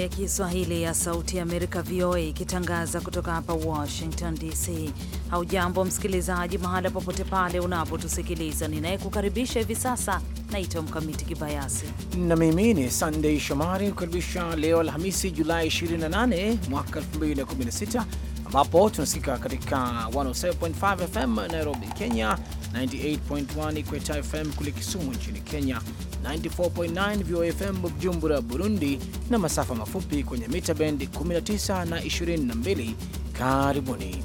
ya Kiswahili ya Sauti ya Amerika, VOA, ikitangaza kutoka hapa Washington DC. Haujambo msikilizaji, mahala popote pale unapotusikiliza. Ninayekukaribisha hivi sasa naitwa Mkamiti Kibayasi na mimi ni Sandei Shomari kukaribisha leo Alhamisi Julai 28 mwaka 2016 ambapo tunasikika katika 107.5 FM Nairobi, Kenya, 98.1 Ikweta FM kule Kisumu nchini Kenya 94.9 VOFM Bujumbura, Burundi na masafa mafupi kwenye mita bendi 19 na 22. Karibuni.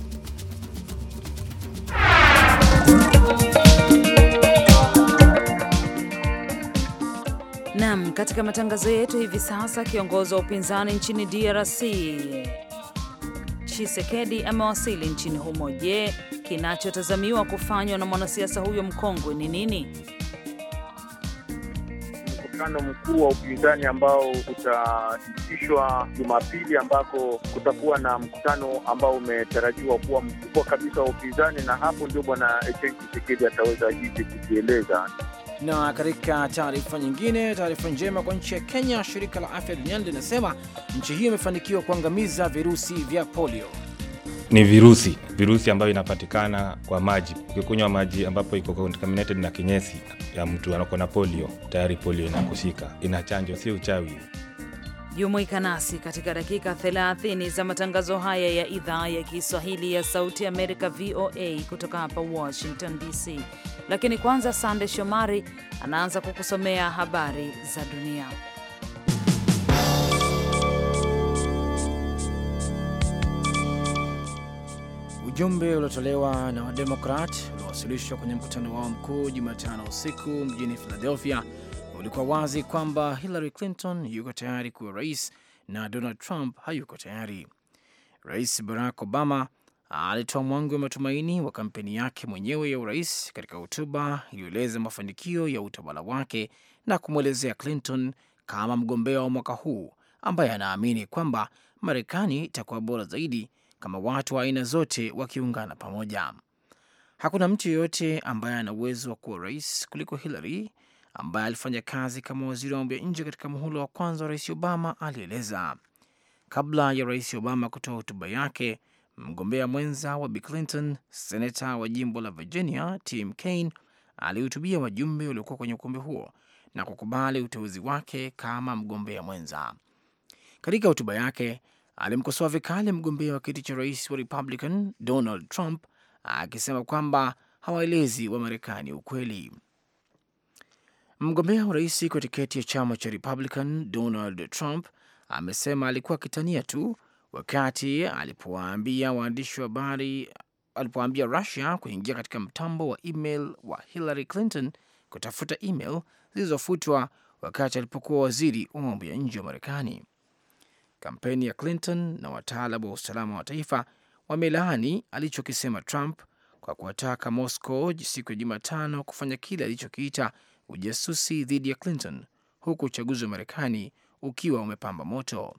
Naam, katika matangazo yetu hivi sasa, kiongozi wa upinzani nchini DRC chisekedi amewasili nchini humo. Je, kinachotazamiwa kufanywa na mwanasiasa huyo mkongwe ni nini? mkutano mkuu wa upinzani ambao utaitishwa Jumapili, ambako kutakuwa na mkutano ambao umetarajiwa kuwa mkubwa kabisa wa upinzani, na hapo ndio bwana Tshisekedi ataweza hivi kujieleza. Na katika taarifa nyingine, taarifa njema kwa nchi ya Kenya, shirika la afya duniani linasema nchi hiyo imefanikiwa kuangamiza virusi vya polio ni virusi virusi ambayo inapatikana kwa maji. Ukikunywa maji ambapo iko contaminated na kinyesi ya mtu anako na polio, tayari polio inakushika. Ina chanjo, si uchawi. Jumuika nasi katika dakika 30 za matangazo haya ya idhaa ya Kiswahili ya Sauti Amerika, VOA, kutoka hapa Washington DC. Lakini kwanza, Sande Shomari anaanza kukusomea habari za dunia. Ujumbe uliotolewa na Wademokrat uliowasilishwa kwenye mkutano wao mkuu Jumatano usiku mjini Philadelphia ulikuwa wazi kwamba Hillary Clinton yuko tayari kuwa rais na Donald Trump hayuko tayari. Rais Barack Obama alitoa mwangi wa matumaini wa kampeni yake mwenyewe ya urais katika hotuba iliyoeleza mafanikio ya utawala wake na kumwelezea Clinton kama mgombea wa mwaka huu ambaye anaamini kwamba Marekani itakuwa bora zaidi kama watu wa aina zote wakiungana pamoja. Hakuna mtu yeyote ambaye ana uwezo wa kuwa rais kuliko Hillary ambaye alifanya kazi kama waziri wa mambo ya nje katika muhula wa kwanza wa rais Obama, alieleza. Kabla ya rais Obama kutoa hotuba yake, mgombea mwenza wa Bi Clinton, senata wa jimbo la Virginia Tim Kaine, alihutubia wajumbe waliokuwa kwenye ukumbi huo na kukubali uteuzi wake kama mgombea mwenza. Katika hotuba yake, alimkosoa vikali mgombea wa kiti cha rais wa Republican Donald Trump akisema kwamba hawaelezi wa marekani ukweli. Mgombea wa rais kwa tiketi ya chama cha Republican Donald Trump amesema alikuwa akitania tu wakati alipowaambia waandishi wa habari, alipoambia Russia kuingia katika mtambo wa email wa Hillary Clinton kutafuta email zilizofutwa wakati alipokuwa waziri wa mambo ya nje wa Marekani. Kampeni ya Clinton na wataalam wa usalama wa taifa wamelaani alichokisema Trump kwa kuwataka Moscow siku ya Jumatano kufanya kile alichokiita ujasusi dhidi ya Clinton, huku uchaguzi wa Marekani ukiwa umepamba moto.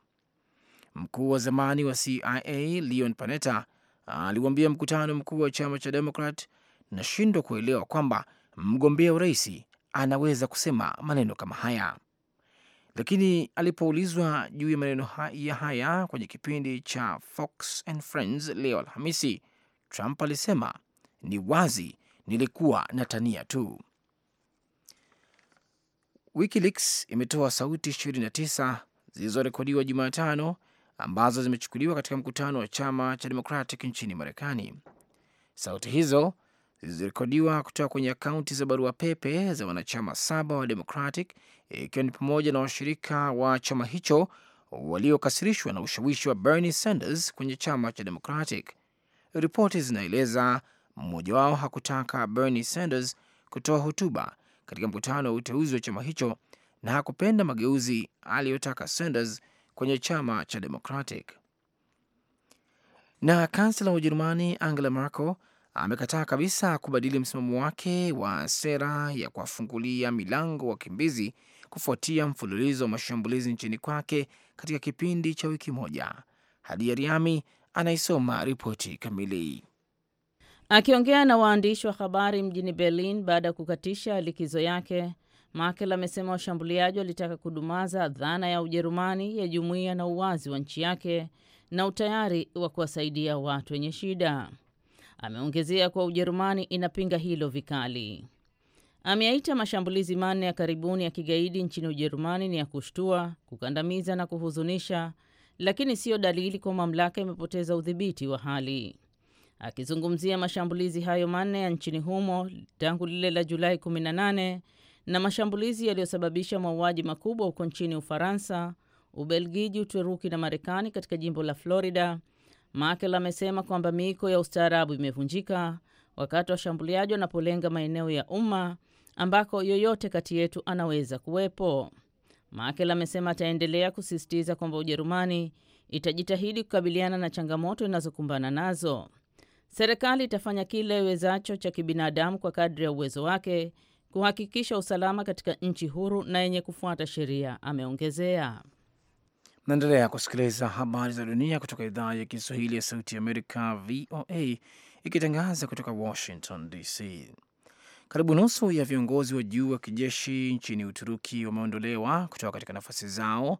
Mkuu wa zamani wa CIA Leon Panetta aliwaambia mkutano mkuu wa chama cha Demokrat, nashindwa kuelewa kwamba mgombea urais anaweza kusema maneno kama haya. Lakini alipoulizwa juu ya maneno ya haya kwenye kipindi cha Fox and Friends leo Alhamisi, Trump alisema ni wazi, nilikuwa na tania tu. WikiLeaks imetoa sauti 29 zilizorekodiwa Jumatano ambazo zimechukuliwa katika mkutano wa chama cha Democratic nchini Marekani. Sauti hizo zilizorekodiwa kutoka kwenye akaunti za barua pepe za wanachama saba wa Democratic, ikiwa ni pamoja na washirika wa chama hicho waliokasirishwa na ushawishi wa Bernie Sanders kwenye chama cha Democratic. Ripoti zinaeleza mmoja wao hakutaka Bernie Sanders kutoa hotuba katika mkutano wa uteuzi wa chama hicho na hakupenda mageuzi aliyotaka Sanders kwenye chama cha Democratic. Na kansela wa Ujerumani Angela Merkel amekataa kabisa kubadili msimamo wake wa sera ya kuwafungulia milango wakimbizi kufuatia mfululizo wa mashambulizi nchini kwake katika kipindi cha wiki moja. Hadi riami anaisoma ripoti kamili. Akiongea na waandishi wa habari mjini Berlin baada ya kukatisha likizo yake, Merkel amesema washambuliaji walitaka kudumaza dhana ya Ujerumani ya jumuiya na uwazi wa nchi yake na utayari wa kuwasaidia watu wenye shida. Ameongezea kuwa Ujerumani inapinga hilo vikali. Ameaita mashambulizi manne ya karibuni ya kigaidi nchini Ujerumani ni ya kushtua, kukandamiza na kuhuzunisha, lakini siyo dalili kwa mamlaka imepoteza udhibiti wa hali. Akizungumzia mashambulizi hayo manne ya nchini humo tangu lile la Julai 18 na mashambulizi yaliyosababisha mauaji makubwa huko nchini Ufaransa, Ubelgiji, Uturuki na Marekani katika jimbo la Florida, Merkel amesema kwamba miiko ya ustaarabu imevunjika wakati washambuliaji wanapolenga maeneo ya umma ambako yoyote kati yetu anaweza kuwepo. Merkel amesema ataendelea kusisitiza kwamba Ujerumani itajitahidi kukabiliana na changamoto inazokumbana nazo. Serikali itafanya kile iwezacho cha kibinadamu kwa kadri ya uwezo wake kuhakikisha usalama katika nchi huru na yenye kufuata sheria, ameongezea. Naendelea kusikiliza habari za dunia kutoka idhaa ya Kiswahili ya Sauti ya Amerika, VOA, ikitangaza kutoka Washington DC. Karibu nusu ya viongozi wa juu wa kijeshi nchini Uturuki wameondolewa kutoka katika nafasi zao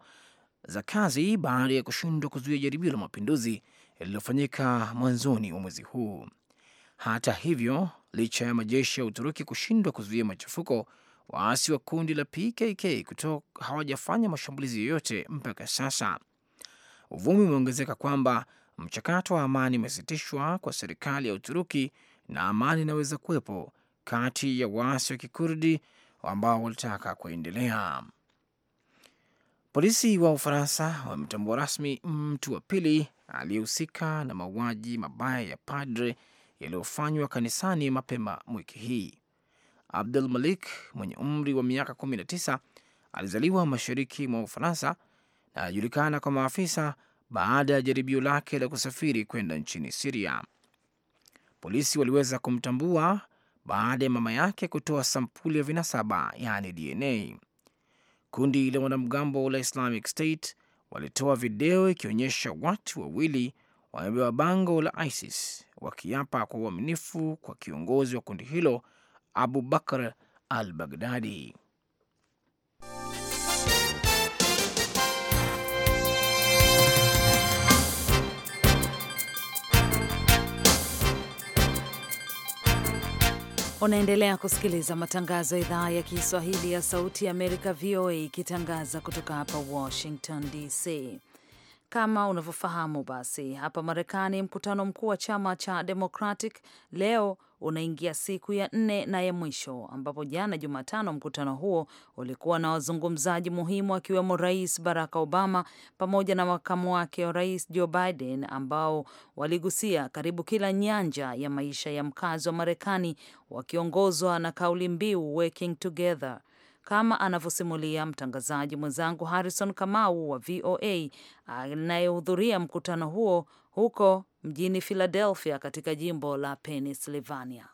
za kazi baada ya kushindwa kuzuia jaribio la mapinduzi lililofanyika mwanzoni mwa mwezi huu. Hata hivyo, licha ya majeshi ya Uturuki kushindwa kuzuia machafuko, waasi wa kundi la PKK kutoka hawajafanya mashambulizi yoyote mpaka sasa. Uvumi umeongezeka kwamba mchakato wa amani umesitishwa kwa serikali ya Uturuki na amani inaweza kuwepo kati ya waasi wa Kikurdi ambao walitaka kuendelea. Polisi wa Ufaransa wametambua rasmi mtu wa pili aliyehusika na mauaji mabaya ya padre yaliyofanywa kanisani mapema wiki hii. Abdul Malik mwenye umri wa miaka 19 alizaliwa mashariki mwa Ufaransa na anajulikana kwa maafisa baada ya jaribio lake la kusafiri kwenda nchini Siria. Polisi waliweza kumtambua baada ya mama yake kutoa sampuli ya vinasaba, yaani DNA. Kundi la wanamgambo la Islamic State walitoa video ikionyesha watu wawili wamebeba bango la ISIS wakiapa kwa uaminifu kwa kiongozi wa kundi hilo Abu Bakr al Baghdadi. Unaendelea kusikiliza matangazo ya idhaa ya Kiswahili ya Sauti ya Amerika, VOA, ikitangaza kutoka hapa Washington DC. Kama unavyofahamu basi, hapa Marekani, mkutano mkuu wa chama cha Democratic leo unaingia siku ya nne na ya mwisho, ambapo jana Jumatano mkutano huo ulikuwa na wazungumzaji muhimu akiwemo Rais Barack Obama pamoja na makamu wake wa rais Joe Biden ambao waligusia karibu kila nyanja ya maisha ya mkazi wa Marekani wakiongozwa na kauli mbiu working together kama anavyosimulia mtangazaji mwenzangu Harrison Kamau wa VOA anayehudhuria mkutano huo huko mjini Philadelphia katika jimbo la Pennsylvania.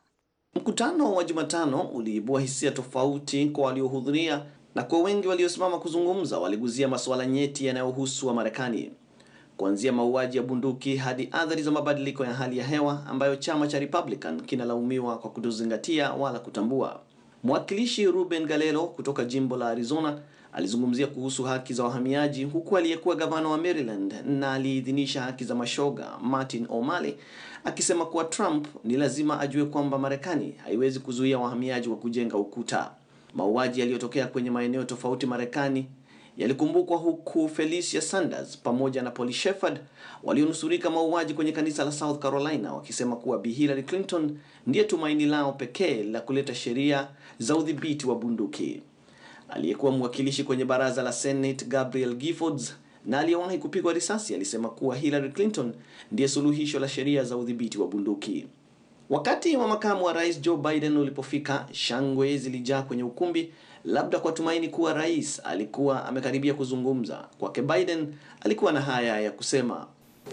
Mkutano wa Jumatano uliibua hisia tofauti kwa waliohudhuria, na kwa wengi waliosimama kuzungumza waliguzia masuala nyeti yanayohusu wa Marekani, kuanzia mauaji ya bunduki hadi athari za mabadiliko ya hali ya hewa ambayo chama cha Republican kinalaumiwa kwa kutozingatia wala kutambua. Mwakilishi Ruben Galelo kutoka jimbo la Arizona alizungumzia kuhusu haki za wahamiaji huku aliyekuwa gavana wa Maryland na aliidhinisha haki za mashoga Martin O'Malley akisema kuwa Trump ni lazima ajue kwamba Marekani haiwezi kuzuia wahamiaji wa kujenga ukuta. Mauaji yaliyotokea kwenye maeneo tofauti Marekani yalikumbukwa huku Felicia Sanders pamoja na poli Shepard walionusurika mauaji kwenye kanisa la South Carolina wakisema kuwa Bi Hillary Clinton ndiye tumaini lao pekee la kuleta sheria za udhibiti wa bunduki. Aliyekuwa mwakilishi kwenye baraza la Senate Gabriel Giffords na aliyewahi kupigwa risasi alisema kuwa Hillary Clinton ndiye suluhisho la sheria za udhibiti wa bunduki. Wakati wa makamu wa rais Joe Biden ulipofika, shangwe zilijaa kwenye ukumbi, labda kwa tumaini kuwa rais alikuwa amekaribia kuzungumza. Kwake Biden alikuwa na haya ya kusema: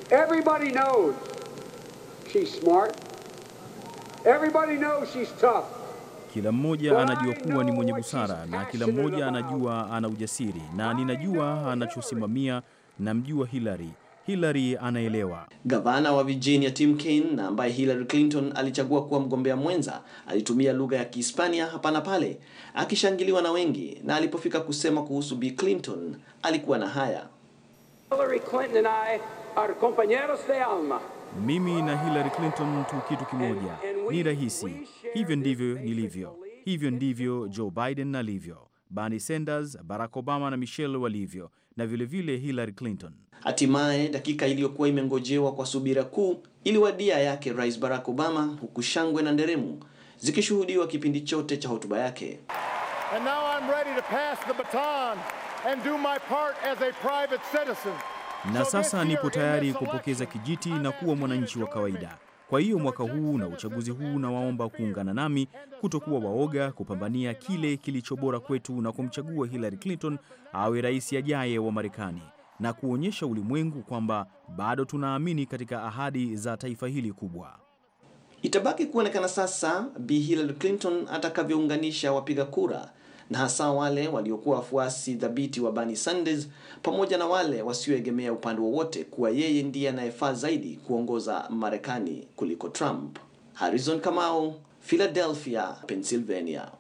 Everybody knows she's smart. Everybody knows she's tough. Kila mmoja anajua kuwa ni mwenye busara na kila mmoja anajua ana ujasiri, na ninajua anachosimamia. Namjua Hillary, Hillary anaelewa. Gavana wa Virginia Tim Kaine, na ambaye Hillary Clinton alichagua kuwa mgombea mwenza, alitumia lugha ya Kihispania hapa na pale, akishangiliwa na wengi, na alipofika kusema kuhusu Bi Clinton alikuwa na haya: Hillary Clinton and I are de alma mimi na Hillary Clinton tu kitu kimoja, ni rahisi. Hivyo ndivyo nilivyo, hivyo ndivyo Joe Biden alivyo, Bernie Sanders, Barack Obama na Michelle walivyo, na vilevile vile Hillary Clinton. Hatimaye dakika iliyokuwa imengojewa kwa subira kuu iliwadia yake Rais Barack Obama, huku shangwe na nderemu zikishuhudiwa kipindi chote cha hotuba yake. And now I'm ready to pass the baton and do my part as a private citizen na sasa nipo tayari kupokeza kijiti na kuwa mwananchi wa kawaida. Kwa hiyo mwaka huu na uchaguzi huu nawaomba kuungana nami kutokuwa waoga kupambania kile kilicho bora kwetu na kumchagua Hillary Clinton awe rais ajaye wa Marekani na kuonyesha ulimwengu kwamba bado tunaamini katika ahadi za taifa hili kubwa. Itabaki kuonekana sasa Bi Hillary Clinton atakavyounganisha wapiga kura na hasa wale waliokuwa wafuasi dhabiti wa Bernie Sanders pamoja na wale wasioegemea upande wowote kuwa yeye ndiye anayefaa zaidi kuongoza Marekani kuliko Trump. Harrison Kamau, Philadelphia, Pennsylvania.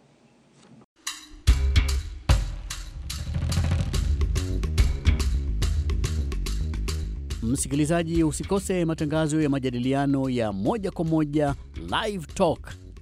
Msikilizaji, usikose matangazo ya majadiliano ya moja kwa moja Live Talk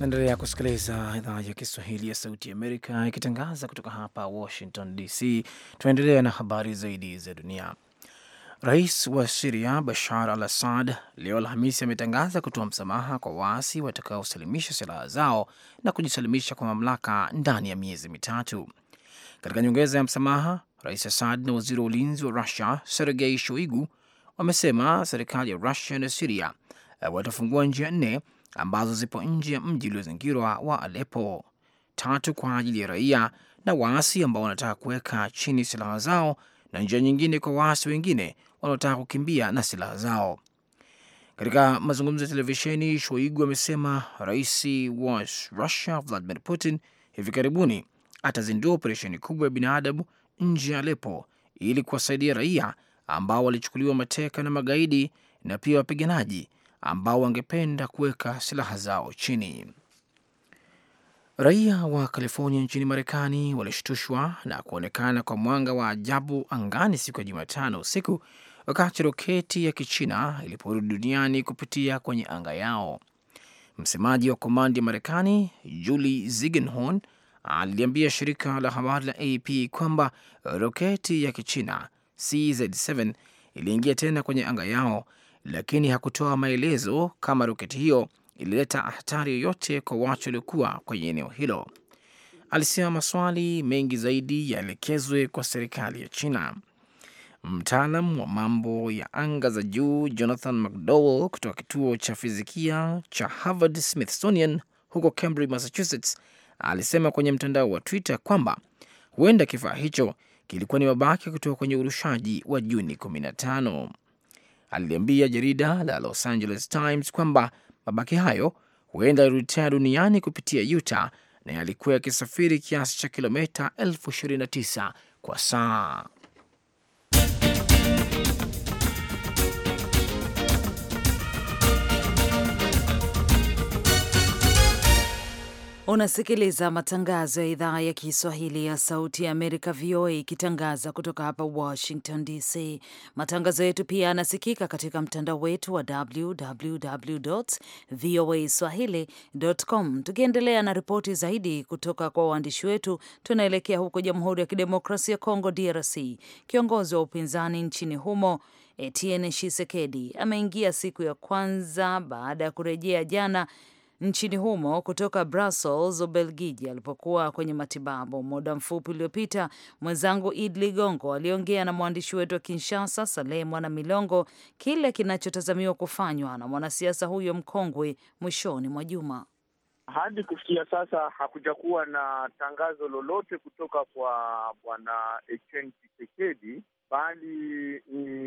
Naendelea kusikiliza idhaa ya Kiswahili ya Sauti ya Amerika ikitangaza kutoka hapa Washington DC. Tunaendelea na habari zaidi za dunia. Rais wa Siria Bashar al Assad leo Alhamisi ametangaza kutoa msamaha kwa waasi watakaosalimisha silaha zao na kujisalimisha kwa mamlaka ndani ya miezi mitatu. Katika nyongeza ya msamaha, Rais Assad na waziri wa ulinzi wa Rusia Sergei Shoigu wamesema serikali ya Rusia na Siria eh, watafungua njia nne ambazo zipo nje ya mji uliozingirwa wa Aleppo, tatu kwa ajili ya raia na waasi ambao wanataka kuweka chini silaha zao, na njia nyingine kwa waasi wengine wanaotaka kukimbia na silaha zao. Katika mazungumzo ya televisheni, Shoigu amesema rais wa Russia Vladimir Putin hivi karibuni atazindua operesheni kubwa ya binadamu nje ya Aleppo ili kuwasaidia raia ambao walichukuliwa mateka na magaidi na pia wapiganaji ambao wangependa kuweka silaha zao chini. Raia wa California nchini Marekani walishtushwa na kuonekana kwa mwanga wa ajabu angani siku ya Jumatano usiku wakati roketi ya Kichina iliporudi duniani kupitia kwenye anga yao. Msemaji wa komandi ya Marekani Julie Zigenhorn aliliambia shirika la habari la AP kwamba roketi ya Kichina CZ7 iliingia tena kwenye anga yao lakini hakutoa maelezo kama roketi hiyo ilileta hatari yoyote kwa watu waliokuwa kwenye eneo hilo. Alisema maswali mengi zaidi yaelekezwe kwa serikali ya China. Mtaalam wa mambo ya anga za juu Jonathan McDowell kutoka kituo cha fizikia cha Harvard Smithsonian huko Cambridge, Massachusetts, alisema kwenye mtandao wa Twitter kwamba huenda kifaa hicho kilikuwa ni mabaki kutoka kwenye urushaji wa Juni 15 aliliambia jarida la Los Angeles Times kwamba mabaki hayo huenda yalirudia duniani kupitia Utah na yalikuwa yakisafiri kiasi cha kilomita elfu 29 kwa saa. Unasikiliza matangazo ya idhaa ya Kiswahili ya Sauti ya Amerika, VOA, ikitangaza kutoka hapa Washington DC. Matangazo yetu pia yanasikika katika mtandao wetu wa www voa swahili.com. Tukiendelea na ripoti zaidi kutoka kwa waandishi wetu, tunaelekea huko Jamhuri ya Kidemokrasia ya Kongo, DRC. Kiongozi wa upinzani nchini humo Etienne Tshisekedi ameingia siku ya kwanza baada ya kurejea jana nchini humo kutoka Brussels, Ubelgiji, alipokuwa kwenye matibabu. Muda mfupi uliopita, mwenzangu Id Ligongo aliongea na mwandishi wetu wa Kinshasa, Saleh Mwana Milongo, kile kinachotazamiwa kufanywa na mwanasiasa huyo mkongwe mwishoni mwa juma. Hadi kufikia sasa hakujakuwa na tangazo lolote kutoka kwa bwana Etienne Tshisekedi, bali ni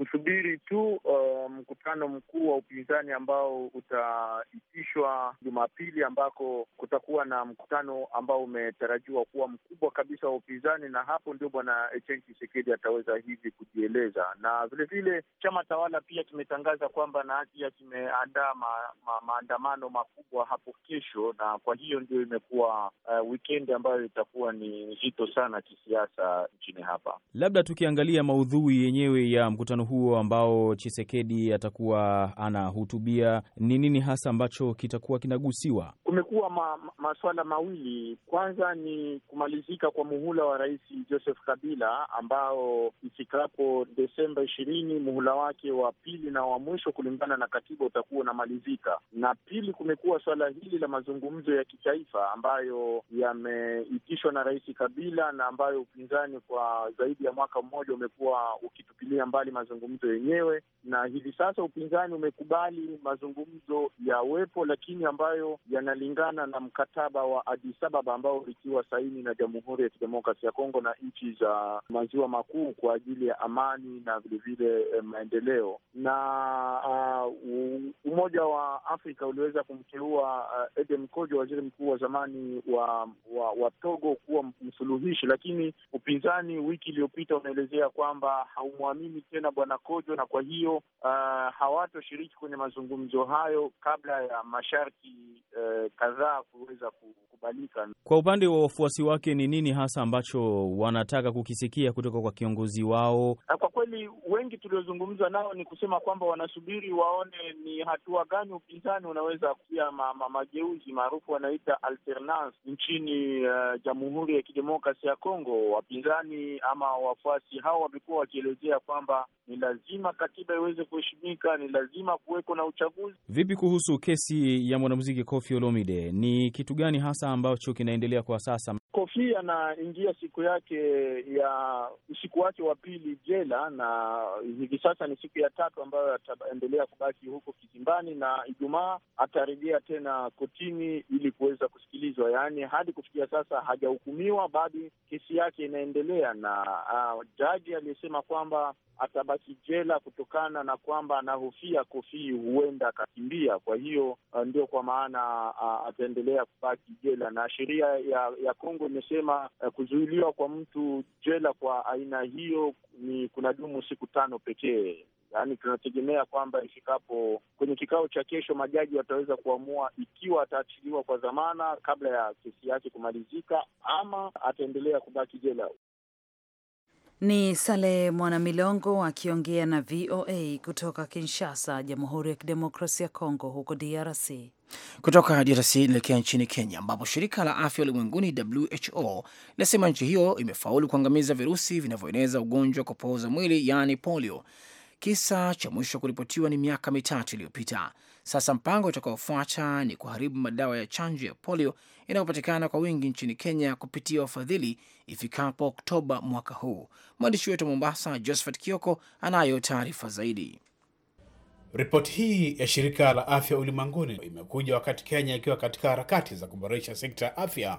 kusubiri tu uh, mkutano mkuu wa upinzani ambao utaitishwa Jumapili, ambako kutakuwa na mkutano ambao umetarajiwa kuwa mkubwa kabisa wa upinzani, na hapo ndio bwana Etienne Tshisekedi ataweza hivi kujieleza. Na vilevile chama tawala pia kimetangaza kwamba na hatia kimeandaa ma, ma, maandamano makubwa hapo kesho, na kwa hiyo ndio imekuwa uh, wikendi ambayo itakuwa ni nzito sana kisiasa nchini hapa. Labda tukiangalia maudhui yenyewe ya mkutano huo ambao Chisekedi atakuwa anahutubia, ni nini hasa ambacho kitakuwa kinagusiwa? Kumekuwa ma, ma, masuala mawili. Kwanza ni kumalizika kwa muhula wa Rais Joseph Kabila ambao ifikapo Desemba ishirini muhula wake wa pili na wa mwisho kulingana na katiba utakuwa unamalizika, na pili kumekuwa suala hili la mazungumzo ya kitaifa ambayo yameitishwa na Rais Kabila na ambayo upinzani kwa zaidi ya mwaka mmoja umekuwa ukitupilia mbali mazungumzo mazungumzo yenyewe, na hivi sasa upinzani umekubali mazungumzo yawepo, lakini ambayo yanalingana na mkataba wa Addis Ababa ambao ulitiwa saini na Jamhuri ya Kidemokrasia ya Kongo na nchi za maziwa makuu kwa ajili ya amani na vilevile eh, maendeleo. Na uh, Umoja wa Afrika uliweza kumteua uh, Edem Kojo, waziri mkuu wa zamani wa, wa, wa Togo kuwa msuluhishi, lakini upinzani wiki iliyopita unaelezea kwamba haumwamini tena bwana Kojo, na kwa hiyo uh, hawatoshiriki kwenye mazungumzo hayo kabla ya masharti uh, kadhaa kuweza kukubalika. Kwa upande wa wafuasi wake, ni nini hasa ambacho wanataka kukisikia kutoka kwa kiongozi wao? Na kwa kweli wengi tuliozungumza nao ni kusema kwamba wanasubiri waone ni hatua gani upinzani unaweza kuia ma, ma, mageuzi maarufu wanaita alternance nchini uh, Jamhuri ya Kidemokrasia ya Kongo. Wapinzani ama wafuasi hao wamekuwa wakielezea kwamba ni lazima katiba iweze kuheshimika, ni lazima kuweko na uchaguzi. Vipi kuhusu kesi ya mwanamuziki Koffi Olomide, ni kitu gani hasa ambacho kinaendelea kwa sasa. Kofi anaingia siku yake ya usiku wake wa pili jela, na hivi sasa ni siku ya tatu ambayo ataendelea kubaki huko kizimbani, na Ijumaa atarejea tena kotini ili kuweza kusikilizwa. Yaani hadi kufikia sasa hajahukumiwa, bado kesi yake inaendelea, na uh, jaji aliyesema kwamba atabaki jela kutokana na kwamba anahofia Kofi huenda akakimbia. Kwa hiyo uh, ndio kwa maana uh, ataendelea kubaki jela jela, na sheria ya ya Kongo imesema uh, kuzuiliwa kwa mtu jela kwa aina hiyo ni kuna dumu siku tano pekee. Yaani, tunategemea kwamba ifikapo kwenye kikao cha kesho, majaji wataweza kuamua ikiwa ataachiliwa kwa dhamana kabla ya kesi yake kumalizika ama ataendelea kubaki jela. Ni Saleh Mwanamilongo akiongea na VOA kutoka Kinshasa, Jamhuri ya Kidemokrasia ya Kongo, huko DRC. Kutoka DRC inaelekea nchini Kenya, ambapo shirika la afya ulimwenguni WHO linasema nchi hiyo imefaulu kuangamiza virusi vinavyoeneza ugonjwa wa kupooza mwili, yaani polio, Kisa cha mwisho kuripotiwa ni miaka mitatu iliyopita. Sasa mpango utakaofuata ni kuharibu madawa ya chanjo ya polio inayopatikana kwa wingi nchini Kenya kupitia wafadhili ifikapo Oktoba mwaka huu. Mwandishi wetu wa Mombasa, Josephat Kioko, anayo taarifa zaidi. Ripoti hii ya shirika la afya ulimwenguni imekuja wakati Kenya ikiwa katika harakati za kuboresha sekta ya afya.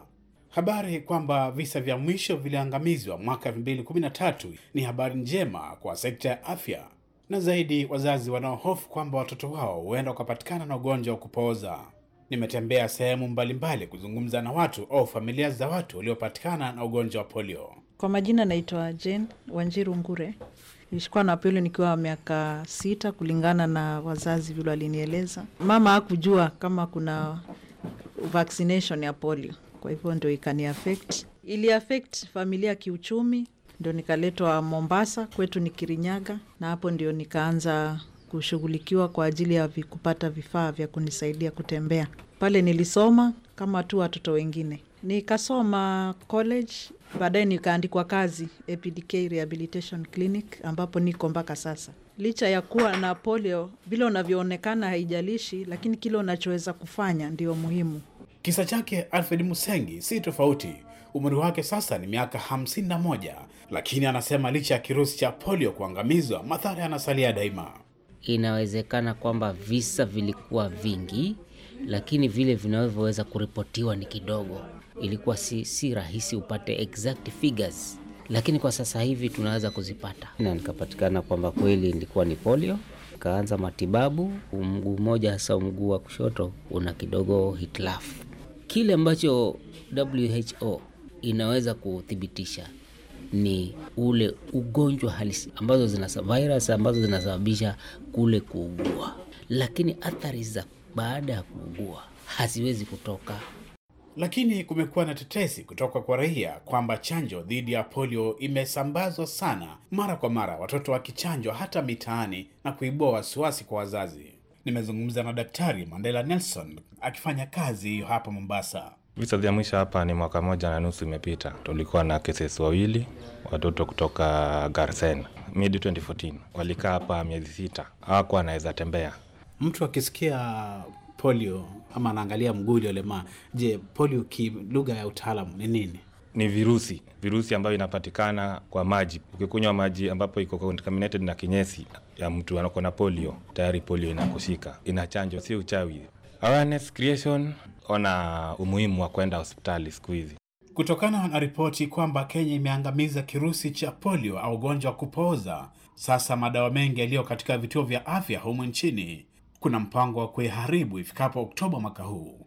Habari kwamba visa vya mwisho viliangamizwa mwaka 2013 ni habari njema kwa sekta ya afya na zaidi wazazi wanaohofu kwamba watoto wao huenda wakapatikana na ugonjwa wa kupooza. Nimetembea sehemu mbalimbali kuzungumza na watu au familia za watu waliopatikana na ugonjwa wa polio. Kwa majina naitwa Jane Wanjiru Ngure. Nilishikwa na polio nikiwa miaka sita, kulingana na wazazi vile walinieleza. Mama hakujua kama kuna vaccination ya polio, kwa hivyo ndio ikaniafect, iliafect familia kiuchumi ndio nikaletwa Mombasa, kwetu ni Kirinyaga, na hapo ndio nikaanza kushughulikiwa kwa ajili ya kupata vifaa vya kunisaidia kutembea. Pale nilisoma kama tu watoto wengine, nikasoma college, baadaye nikaandikwa kazi APDK Rehabilitation Clinic ambapo niko mpaka sasa. Licha ya kuwa na polio, vile unavyoonekana haijalishi, lakini kile unachoweza kufanya ndio muhimu. Kisa chake Alfred Musengi si tofauti. Umri wake sasa ni miaka 51 lakini anasema licha ya kirusi cha polio kuangamizwa, madhara yanasalia daima. Inawezekana kwamba visa vilikuwa vingi, lakini vile vinavyoweza kuripotiwa ni kidogo. Ilikuwa si, si rahisi upate exact figures, lakini kwa sasa hivi tunaweza kuzipata, na nikapatikana kwamba kweli ilikuwa ni polio. Kaanza matibabu, mguu mmoja hasa mguu wa kushoto una kidogo hitilafu, kile ambacho WHO inaweza kuthibitisha ni ule ugonjwa halisi ambazo zinasa, virus ambazo zinasababisha kule kuugua, lakini athari za baada ya kuugua haziwezi kutoka. Lakini kumekuwa na tetesi kutoka kwa raia kwamba chanjo dhidi ya polio imesambazwa sana, mara kwa mara watoto wakichanjwa hata mitaani na kuibua wasiwasi kwa wazazi. Nimezungumza na Daktari Mandela Nelson akifanya kazi hapa Mombasa. Visa vya mwisho hapa ni mwaka moja na nusu imepita, tulikuwa na cases wawili watoto kutoka Garsen mid 2014 walikaa hapa miezi sita, hawakuwa anaweza tembea. Mtu akisikia polio ama anaangalia mguu uliolemaa, je, polio ki lugha ya utaalamu ni nini? Ni virusi, virusi ambayo inapatikana kwa maji. Ukikunywa maji ambapo iko contaminated na kinyesi ya mtu anako na polio, tayari polio inakushika. Ina chanjo, si uchawi. Awareness creation ona umuhimu wa kwenda hospitali siku hizi kutokana na ripoti kwamba Kenya imeangamiza kirusi cha polio au ugonjwa wa kupooza. Sasa madawa mengi yaliyo katika vituo vya afya humu nchini kuna mpango wa kuiharibu ifikapo Oktoba mwaka huu.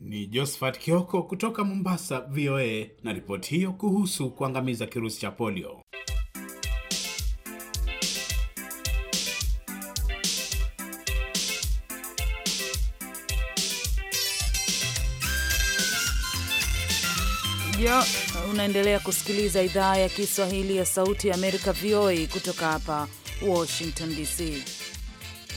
Ni Josephat Kioko kutoka Mombasa, VOA, na ripoti hiyo kuhusu kuangamiza kirusi cha polio. studio. Unaendelea kusikiliza idhaa ya Kiswahili ya Sauti ya Amerika, VOA, kutoka hapa Washington DC.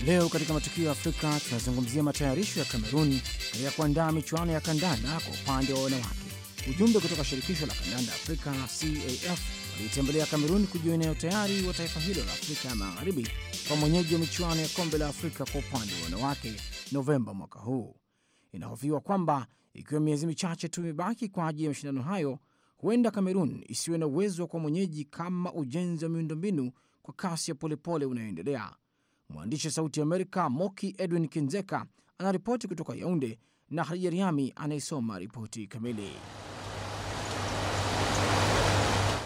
Leo katika matukio ya Afrika tunazungumzia matayarisho ya Kameruni katika kuandaa michuano ya kandanda kwa upande wa wanawake. Ujumbe kutoka shirikisho la kandanda Afrika CAF waliitembelea Kameruni kujionea utayari wa taifa hilo la Afrika ya magharibi kwa mwenyeji wa michuano ya kombe la Afrika kwa upande wa wanawake Novemba mwaka huu. Inahofiwa kwamba ikiwa miezi michache tu imebaki kwa ajili ya mashindano hayo, huenda Kamerun isiwe na uwezo wa kuwa mwenyeji kama ujenzi wa miundombinu kwa kasi ya polepole unayoendelea. Mwandishi wa Sauti ya Amerika Moki Edwin Kinzeka anaripoti kutoka Yaunde na Hadija Riami anayesoma ripoti kamili.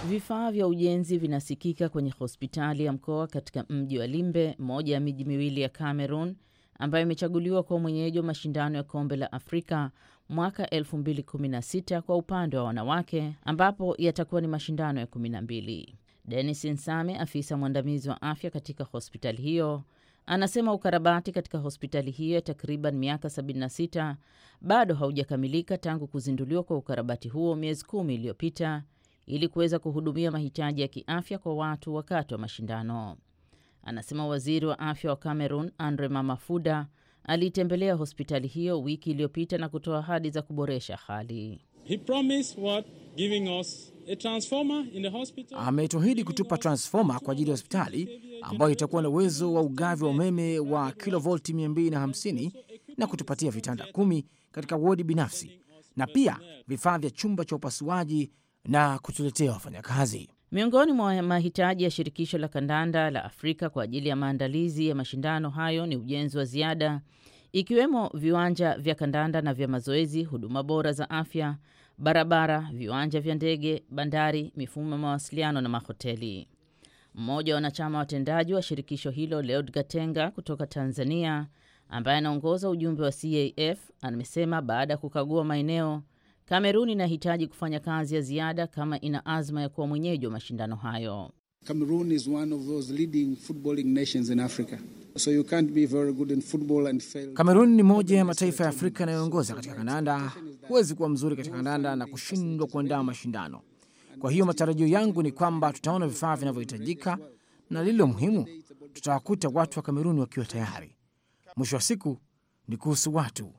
Vifaa vya ujenzi vinasikika kwenye hospitali ya mkoa katika mji wa Limbe, moja ya miji miwili ya Cameroon ambayo imechaguliwa kuwa mwenyeji wa mashindano ya kombe la Afrika mwaka 2016 kwa upande wa wanawake ambapo yatakuwa ni mashindano ya 12. Denis Nsame, afisa mwandamizi wa afya katika hospitali hiyo, anasema ukarabati katika hospitali hiyo ya takriban miaka 76 bado haujakamilika tangu kuzinduliwa kwa ukarabati huo miezi kumi iliyopita ili kuweza kuhudumia mahitaji ya kiafya kwa watu wakati wa mashindano. Anasema waziri wa afya wa Cameroon Andre Mamafuda aliitembelea hospitali hiyo wiki iliyopita na kutoa ahadi za kuboresha hali. Ametuahidi kutupa transfoma kwa ajili ya hospitali ambayo itakuwa na uwezo wa ugavi wa umeme wa kilovolti 250 na kutupatia vitanda kumi katika wodi binafsi na pia vifaa vya chumba cha upasuaji na kutuletea wafanyakazi. Miongoni mwa mahitaji ya shirikisho la kandanda la Afrika kwa ajili ya maandalizi ya mashindano hayo ni ujenzi wa ziada ikiwemo viwanja vya kandanda na vya mazoezi, huduma bora za afya, barabara, viwanja vya ndege, bandari, mifumo ya mawasiliano na mahoteli. Mmoja wa wanachama watendaji wa shirikisho hilo Leod Gatenga kutoka Tanzania, ambaye anaongoza ujumbe wa CAF amesema baada ya kukagua maeneo Kamerun inahitaji kufanya kazi ya ziada kama ina azma ya kuwa mwenyeji wa mashindano hayo. Kamerun ni moja ya mataifa ya Afrika yanayoongoza katika kandanda. Huwezi kuwa mzuri katika kandanda na kushindwa kuandaa mashindano. Kwa hiyo matarajio yangu ni kwamba tutaona vifaa vinavyohitajika na lililo muhimu, tutawakuta watu wa Kamerun wakiwa tayari. Mwisho wa siku ni kuhusu watu,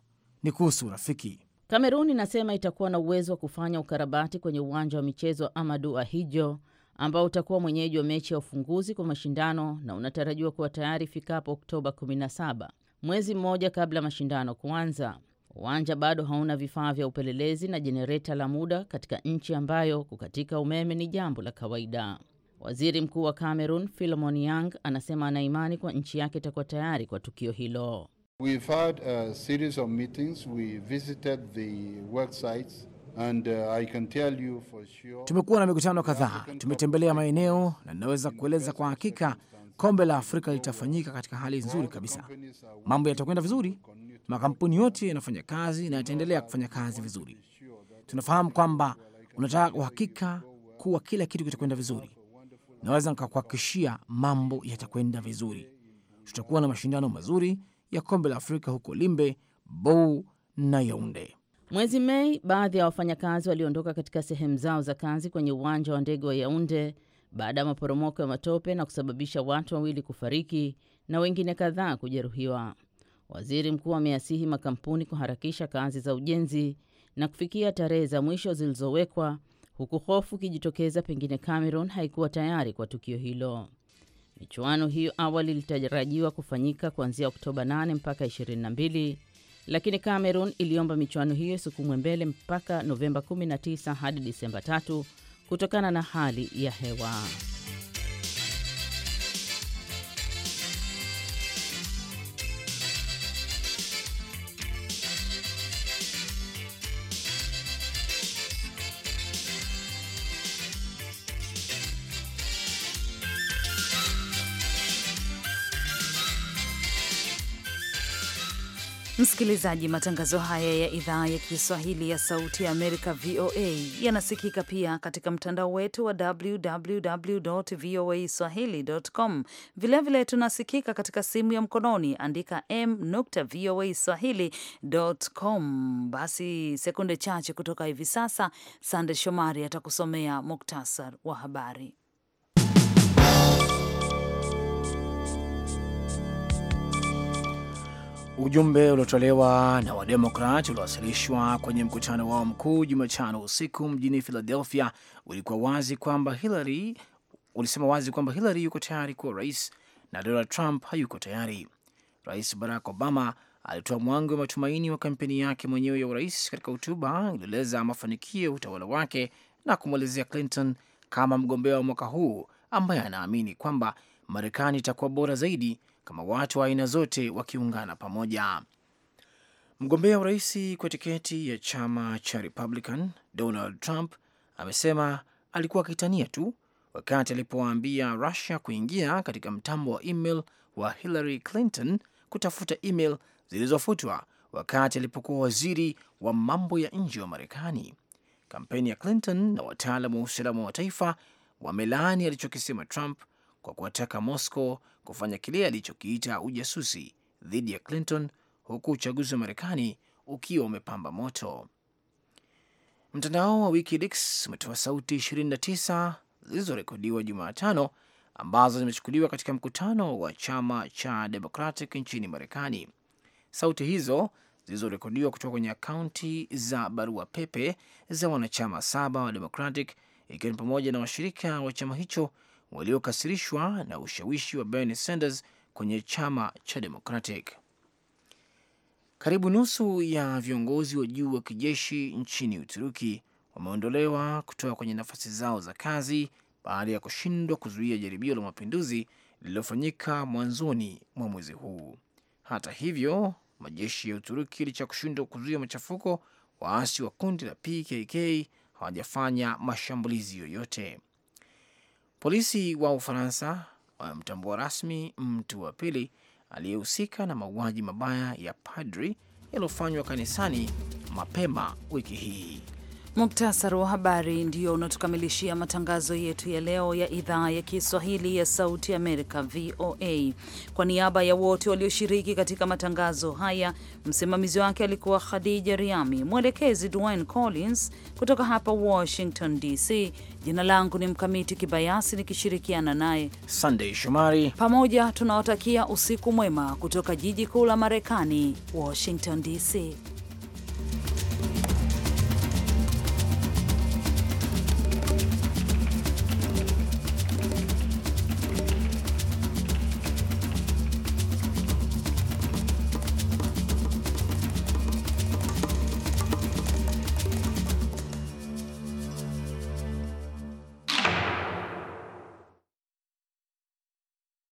ni kuhusu urafiki. Kamerun inasema itakuwa na uwezo wa kufanya ukarabati kwenye uwanja wa michezo wa Amadu Ahijo ambao utakuwa mwenyeji wa mechi ya ufunguzi kwa mashindano na unatarajiwa kuwa tayari ifikapo Oktoba 17, mwezi mmoja kabla mashindano kuanza. Uwanja bado hauna vifaa vya upelelezi na jenereta la muda katika nchi ambayo kukatika umeme ni jambo la kawaida. Waziri Mkuu wa Cameroon Philemon Yang anasema anaimani kwa nchi yake itakuwa tayari kwa tukio hilo. We've had a series of meetings. We visited the work sites. And, uh, I can tell you for sure, tumekuwa na mikutano kadhaa, tumetembelea maeneo na ninaweza kueleza kwa hakika kombe la Afrika litafanyika katika hali nzuri kabisa. Mambo yatakwenda vizuri, makampuni yote yanafanya kazi na yataendelea kufanya kazi vizuri. Tunafahamu kwamba unataka uhakika kuwa kila kitu kitakwenda vizuri. Naweza nikakuhakikishia mambo yatakwenda vizuri. Tutakuwa na mashindano mazuri ya kombe la Afrika huko Limbe, Bou na Yaunde. Mwezi Mei, baadhi ya wafanyakazi waliondoka katika sehemu zao za kazi kwenye uwanja wa ndege wa Yaunde baada ya maporomoko ya matope na kusababisha watu wawili kufariki na wengine kadhaa kujeruhiwa. Waziri mkuu ameasihi makampuni kuharakisha kazi za ujenzi na kufikia tarehe za mwisho zilizowekwa, huku hofu ikijitokeza pengine Cameroon haikuwa tayari kwa tukio hilo. Michuano hiyo awali ilitarajiwa kufanyika kuanzia Oktoba 8 mpaka 22, lakini Cameroon iliomba michuano hiyo isukumwe mbele mpaka Novemba 19 hadi Disemba 3 kutokana na hali ya hewa. Msikilizaji, matangazo haya ya idhaa ya Kiswahili ya Sauti ya Amerika, VOA, yanasikika pia katika mtandao wetu wa www voa swahili.com. Vilevile tunasikika katika simu ya mkononi, andika m voa swahili.com. Basi sekunde chache kutoka hivi sasa, Sande Shomari atakusomea muktasar wa habari. Ujumbe uliotolewa na Wademokrat uliowasilishwa kwenye mkutano wao mkuu Jumatano usiku mjini Philadelphia ulikuwa wazi kwamba Hillary, ulisema wazi kwamba Hillary yuko tayari kuwa rais na Donald Trump hayuko tayari. Rais Barack Obama alitoa mwangi wa matumaini wa kampeni yake mwenyewe ya urais. Katika hotuba ilieleza mafanikio ya utawala wake na kumwelezea Clinton kama mgombea wa mwaka huu ambaye anaamini kwamba Marekani itakuwa bora zaidi kama watu wa aina zote wakiungana pamoja. Mgombea urais kwa tiketi ya chama cha Republican Donald Trump amesema alikuwa akitania tu wakati alipowaambia Russia kuingia katika mtambo wa email wa Hillary Clinton kutafuta email zilizofutwa wakati alipokuwa waziri wa mambo ya nje wa Marekani. Kampeni ya Clinton na wataalam wa usalama wa taifa wamelaani alichokisema Trump kwa kuwataka Moscow kufanya kile alichokiita ujasusi dhidi ya Clinton, huku uchaguzi wa Marekani ukiwa umepamba moto. Mtandao wa WikiLeaks umetoa sauti 29 zilizorekodiwa Jumatano ambazo zimechukuliwa katika mkutano wa chama cha Democratic nchini Marekani. Sauti hizo zilizorekodiwa kutoka kwenye akaunti za barua pepe za wanachama saba wa Democratic, ikiwa ni pamoja na washirika wa chama hicho waliokasirishwa na ushawishi wa Bernie Sanders kwenye chama cha Democratic. Karibu nusu ya viongozi wa juu wa kijeshi nchini Uturuki wameondolewa kutoka kwenye nafasi zao za kazi baada ya kushindwa kuzuia jaribio la mapinduzi lililofanyika mwanzoni mwa mwezi huu. Hata hivyo, majeshi ya Uturuki licha kushindwa kuzuia machafuko, waasi wa kundi la PKK hawajafanya mashambulizi yoyote. Polisi wa Ufaransa wamtambua rasmi mtu wa pili aliyehusika na mauaji mabaya ya padri yaliyofanywa kanisani mapema wiki hii. Muktasari wa habari ndio unatukamilishia matangazo yetu ya leo ya idhaa ya Kiswahili ya Sauti Amerika, VOA. Kwa niaba ya wote walioshiriki katika matangazo haya, msimamizi wake alikuwa Khadija Riami, mwelekezi Dwayne Collins. Kutoka hapa Washington DC, jina langu ni Mkamiti Kibayasi, nikishirikiana naye Sandei Shomari. Pamoja tunawatakia usiku mwema kutoka jiji kuu la Marekani, Washington DC.